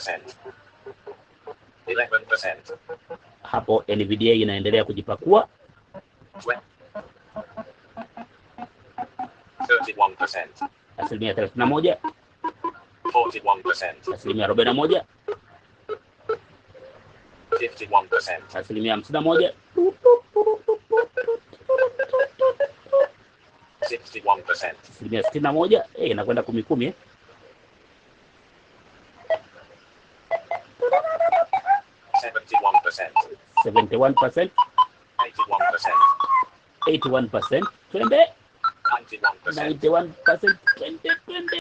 11%. Hapo NVDA inaendelea kujipakua 31%. Asilimia 31 41%. Asilimia 41 51%. Asilimia 51 61%. Asilimia 61 eh, inakwenda kumi kumi eh. 71 percent 81 percent 81 percent 20 91 percent 91 percent 20 20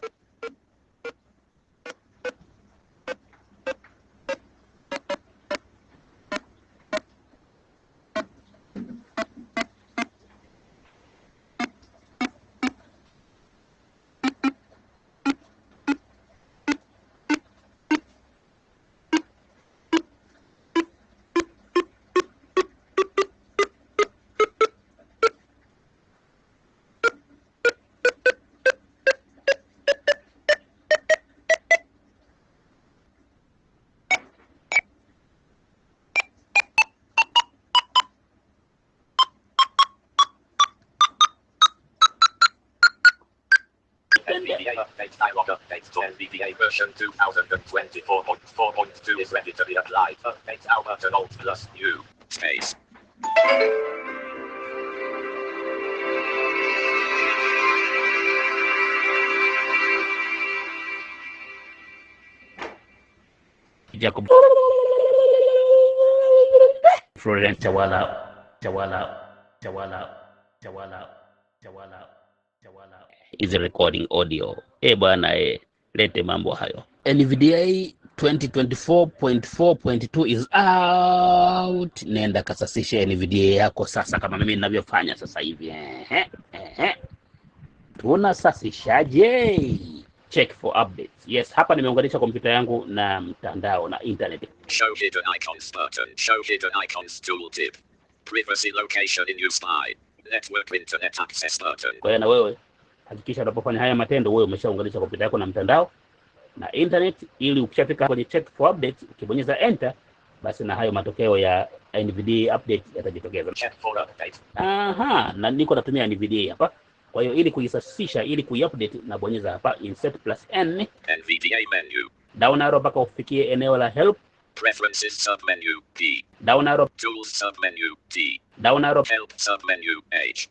NVDA update dialog update to NVDA version 2024.4.2 is ready to be applied. Update now button alt plus new. Space. Jacob Florian Chawala Chawala Chawala Chawala Chawala is recording audio. Eh bwana, eh, lete mambo hayo. NVDA 2024.4.2 is out. Nenda kasasishe NVDA yako sasa, kama mimi ninavyofanya sasa hivi. Ehe, ehe. Eh, eh. Tunasasishaje? Check for updates. Yes, hapa nimeunganisha kompyuta yangu na mtandao na internet. Show hidden icons button. Show hidden icons tooltip. Privacy location in your spine. Kwa hiyo na wewe hakikisha unapofanya haya matendo wewe umeshaunganisha kompyuta yako na mtandao na internet, ili ukishafika kwenye check for update ukibonyeza enter, basi na hayo matokeo ya NVDA update yatajitokeza. Aha, na niko natumia NVDA hapa. Kwa hiyo ili kuisasisha, ili kuiupdate, nabonyeza hapa insert plus n NVDA menu, down arrow mpaka ufikie eneo la help Preferences submenu P. Down arrow. Tools submenu T. Down arrow. Help submenu H.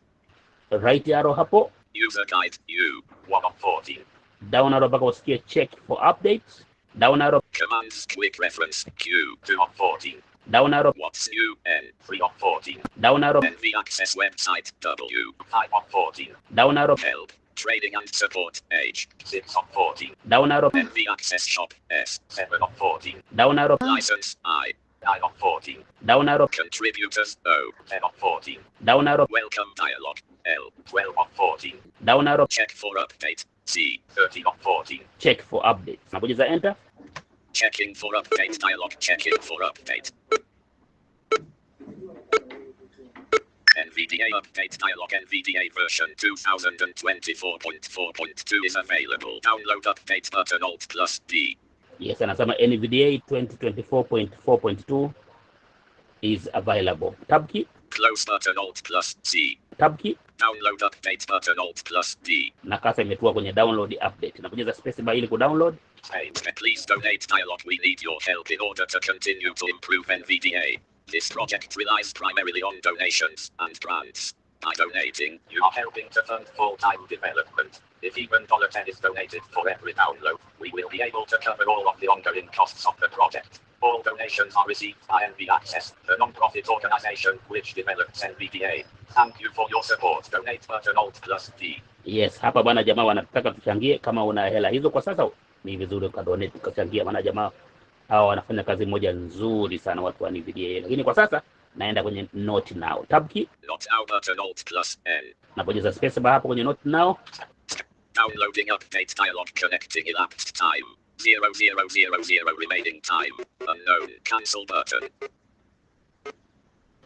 Right arrow hapo. User guide U. One forty. Down arrow was here. check for updates. Down arrow. Commands quick reference Q. Two forty. Down arrow. What's new? N. 314. Down arrow. NV access website W. 514. Down arrow. Help. Trading and support H. Zip top 40. Down arrow. NV access shop S. 7 of 40. Down arrow. License I. i of 40. Down arrow. Contributors O. of 40. Down arrow. Welcome dialogue L. 12 of 40. Down arrow. Check for update C. 13 of 40. Check for update. Nabonyeza enter. Checking for update dialogue. Checking for update. NVDA Update Dialog NVDA version 2024.4.2 is available. Download update button Alt plus D. Yes, anasema NVDA 2024.4.2 is available. Tab key. Close button Alt plus C. Tab key. Download update button Alt plus D. Na kasa imetua kwenye download update. Nabonyeza space bar ili kudownload. please donate dialog. We need your help in order to continue to improve NVDA. This project relies primarily on donations and grants. By donating, you are helping to fund full-time development. If even dollar 10 is donated for every download, we will be able to cover all of the ongoing costs of the project. All donations are received by NV Access, the non-profit organization which develops NVDA. Thank you for your support. Donate button Alt plus D. Yes, hapa bwana jamaa wanataka tuchangie. Kama una hela hizo kwa sasa, ni vizuri ukadonate ukachangia, maana jamaa hawa wanafanya kazi moja nzuri sana, watu wa yeye, lakini kwa sasa naenda kwenye not now tab key, not now button alt plus l, nabonyeza space bar hapo kwenye not now. Downloading update dialog connecting elapsed time 0000 remaining time unknown cancel button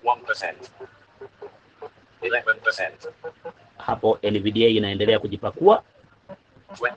1% 11% hapo NVDA inaendelea kujipakua 20.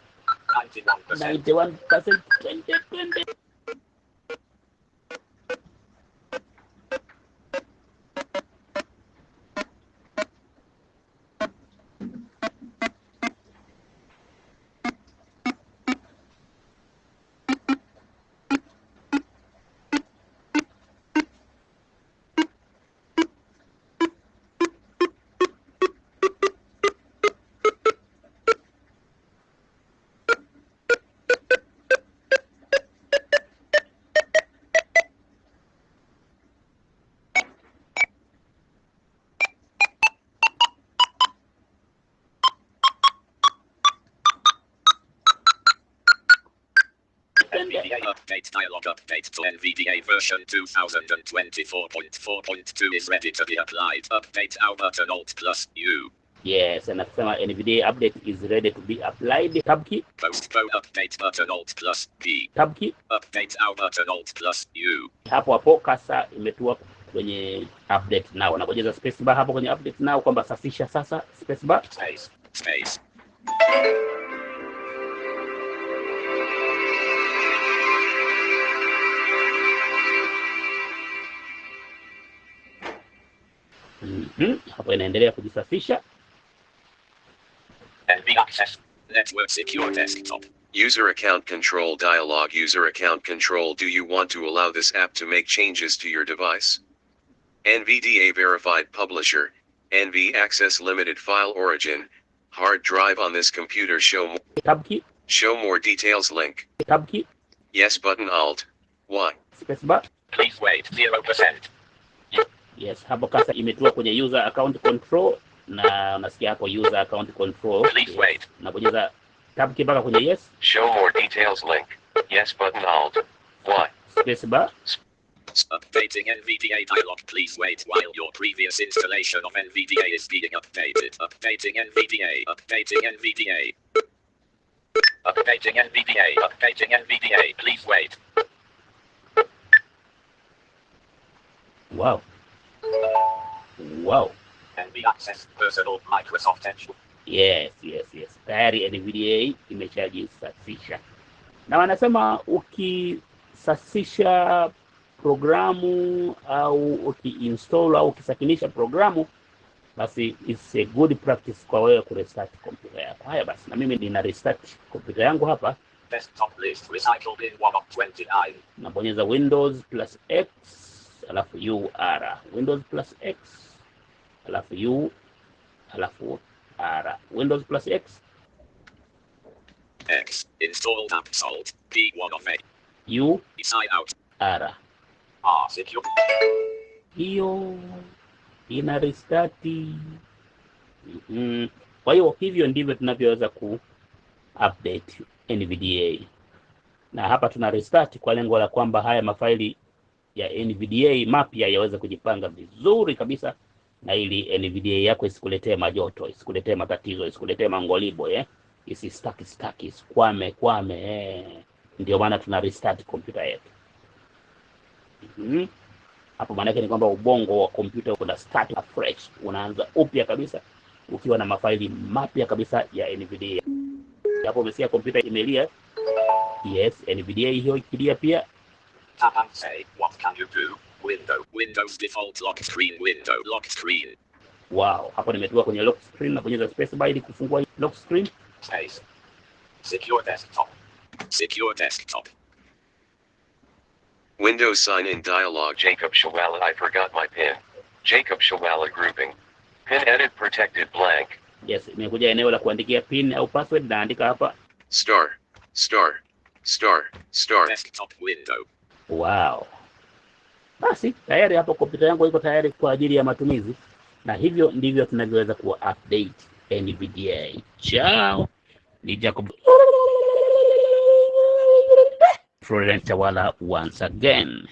91% NVDA update dialog update to NVDA version 2024.4.2 is ready to be applied. Update our button alt plus U. Yes, and after my NVDA update is ready to be applied. Tab key. Postpone update button alt plus P. Tab key. Update our button alt plus U. Hapo hapo kasa imetua kwenye update now. Nabonyeza space bar hapo kwenye update now kwamba safisha sasa space bar. Space. Space. mm Hapo inaendelea kujisafisha. access. Network secure desktop. User account control dialog. User account control. Do you want to allow this app to make changes to your device? NVDA verified publisher. NV access limited file origin. Hard drive on this computer. Show more. Tab key. Show more details link. Tab key. Yes button alt. One. Please wait. Zero percent. Yes, hapo kasa imetua kwenye user account control na unasikia hapo user account control. Please wait. Unabonyeza tab mpaka kwenye yes. Show more details link. Yes button alt. Y. Space bar. Updating NVDA dialog. Please wait while your previous installation of NVDA is being updated. Updating NVDA. Updating NVDA. Updating NVDA. Updating NVDA. Please wait. Wow. Wow. we Access Personal Microsoft Edge. Yes, yes, yes. Tayari NVDA imeshajisasisha na wanasema ukisasisha programu au ukiinstall au ukisakinisha programu basi it's a good practice kwa wewe kurestart kompyuta yako. Haya basi, na mimi nina restart kompyuta yangu hapa. Desktop list recycled in 1 Nabonyeza Windows plus X alafu ur windows plus x alafu u alafu r windows plus x x install app salt b 1 of a u sign out r r ah, secure hiyo ina restati mm -hmm. Kwa hiyo hivyo ndivyo tunavyoweza ku update NVDA na hapa tuna restart kwa lengo la kwamba haya mafaili ya NVDA mapya yaweze kujipanga vizuri kabisa, na ili NVDA yako isikuletee majoto, isikuletee matatizo, isikuletee mangolibo eh? Isistaki staki, isikwame kwame eh? Ndio maana tuna restart kompyuta yetu mm -hmm. Hapo Maana yake ni kwamba ubongo wa kompyuta una start afresh, unaanza upya kabisa ukiwa na mafaili mapya kabisa ya NVDA. Hapo umesikia kompyuta imelia. Yes, NVDA hiyo ikilia pia tap and say, what can you do? Window, Windows default lock screen, window lock screen. Wow, hapo nimetua kwenye lock screen na bonyeza space bar ili kufungua lock screen. Space. Secure desktop. Secure desktop. Windows sign in dialog. Jacob Shawala, I forgot my pin. Jacob Shawala grouping. Pin edit protected blank. Yes, imekuja eneo la kuandikia pin au password, naandika hapa star star star star desktop window wao. Basi tayari hapo kompyuta yangu iko tayari kwa ajili ya matumizi, na hivyo ndivyo tunavyoweza kuwa update NVDA. Chao, ni Jacob Florence Chawala once again.